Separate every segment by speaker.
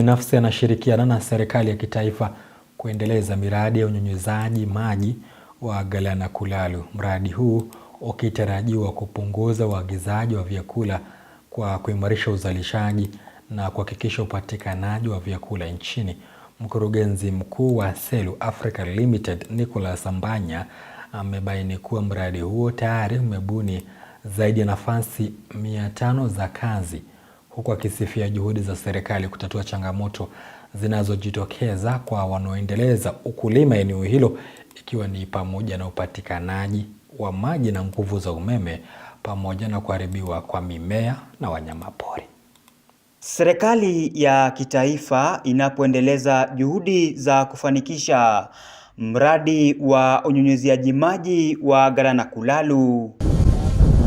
Speaker 1: binafsi yanashirikiana na serikali ya kitaifa kuendeleza miradi ya unyunyizaji maji wa Galana-Kulalu. Mradi huu ukitarajiwa kupunguza uagizaji wa vyakula kwa kuimarisha uzalishaji na kuhakikisha upatikanaji wa vyakula nchini. Mkurugenzi mkuu wa Selu Africa Limited, Nicholas Ambanya amebaini kuwa mradi huo tayari umebuni zaidi ya nafasi mia tano za kazi huku akisifia juhudi za serikali kutatua changamoto zinazojitokeza kwa wanaoendeleza ukulima eneo hilo ikiwa ni pamoja na upatikanaji wa maji na nguvu za umeme pamoja na kuharibiwa kwa mimea na wanyamapori. Serikali ya kitaifa inapoendeleza juhudi za kufanikisha mradi wa unyunyiziaji maji wa Galana Kulalu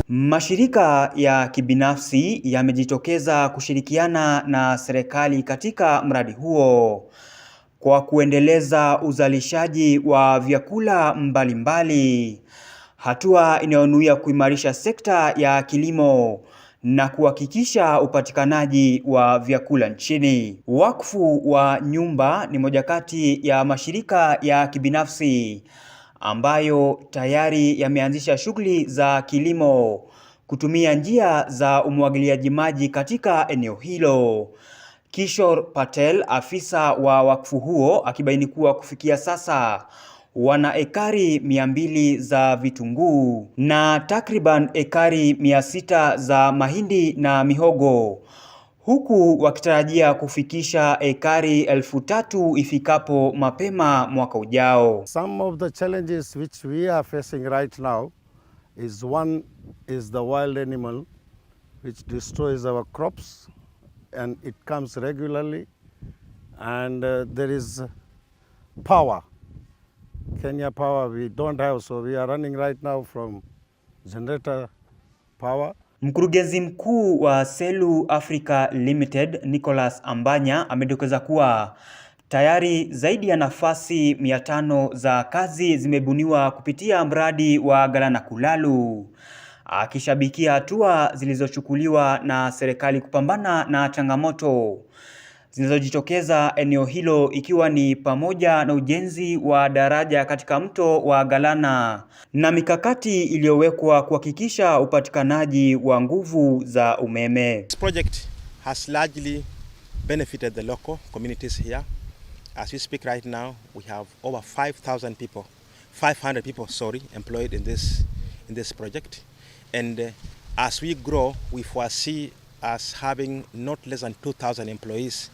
Speaker 1: Mashirika ya kibinafsi yamejitokeza kushirikiana na serikali katika mradi huo kwa kuendeleza uzalishaji wa vyakula mbalimbali mbali, hatua inayonuia kuimarisha sekta ya kilimo na kuhakikisha upatikanaji wa vyakula nchini. Wakfu wa Nyumba ni moja kati ya mashirika ya kibinafsi ambayo tayari yameanzisha shughuli za kilimo kutumia njia za umwagiliaji maji katika eneo hilo. Kishor Patel, afisa wa wakfu huo, akibaini kuwa kufikia sasa wana ekari mia mbili za vitunguu na takriban ekari mia sita za mahindi na mihogo huku wakitarajia kufikisha ekari elfu tatu ifikapo mapema mwaka ujao.
Speaker 2: Some of the challenges which we are facing right now is one is the wild animal which destroys our crops and it comes regularly and uh, there is power Kenya power we don't have so we are running right now from generator power
Speaker 1: Mkurugenzi mkuu wa Selu Africa Limited, Nicholas Ambanya amedokeza kuwa tayari zaidi ya nafasi 500 za kazi zimebuniwa kupitia mradi wa Galana Kulalu, akishabikia hatua zilizochukuliwa na serikali kupambana na changamoto zinazojitokeza eneo hilo ikiwa ni pamoja na ujenzi wa daraja katika mto wa Galana na mikakati iliyowekwa kuhakikisha upatikanaji wa nguvu za umeme.
Speaker 3: This project has largely benefited the local communities here. As we speak right now, we have over 5,000 people, 500 people, sorry, employed in this, in this project. And uh, as we grow, we foresee as having not less than 2,000 employees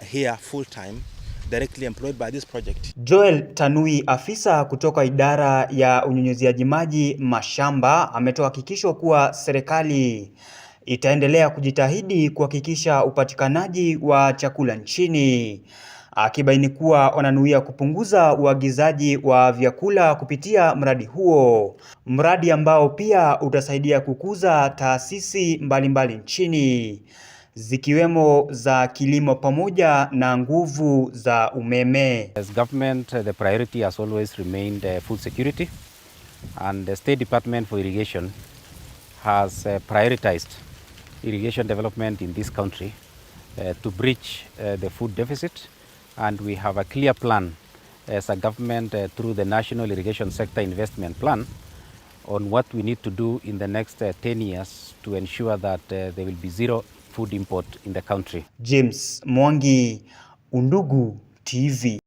Speaker 3: uh, here full time directly employed by this project.
Speaker 1: Joel Tanui, afisa kutoka idara ya unyunyuziaji maji mashamba, ametoa hakikisho kuwa serikali itaendelea kujitahidi kuhakikisha upatikanaji wa chakula nchini akibaini kuwa wananuia kupunguza uagizaji wa vyakula kupitia mradi huo, mradi ambao pia utasaidia kukuza taasisi mbalimbali mbali nchini zikiwemo za kilimo pamoja na nguvu za umeme.
Speaker 4: As government, the priority has always remained uh, food security and the State Department for Irrigation has uh, prioritized irrigation development in this country uh, to bridge the food deficit and we have a clear plan as a government uh, through the National Irrigation Sector Investment Plan on what we need to do in the next uh, 10 years to ensure that uh, there will be zero food import in the country.
Speaker 1: James Mwangi, Undugu TV.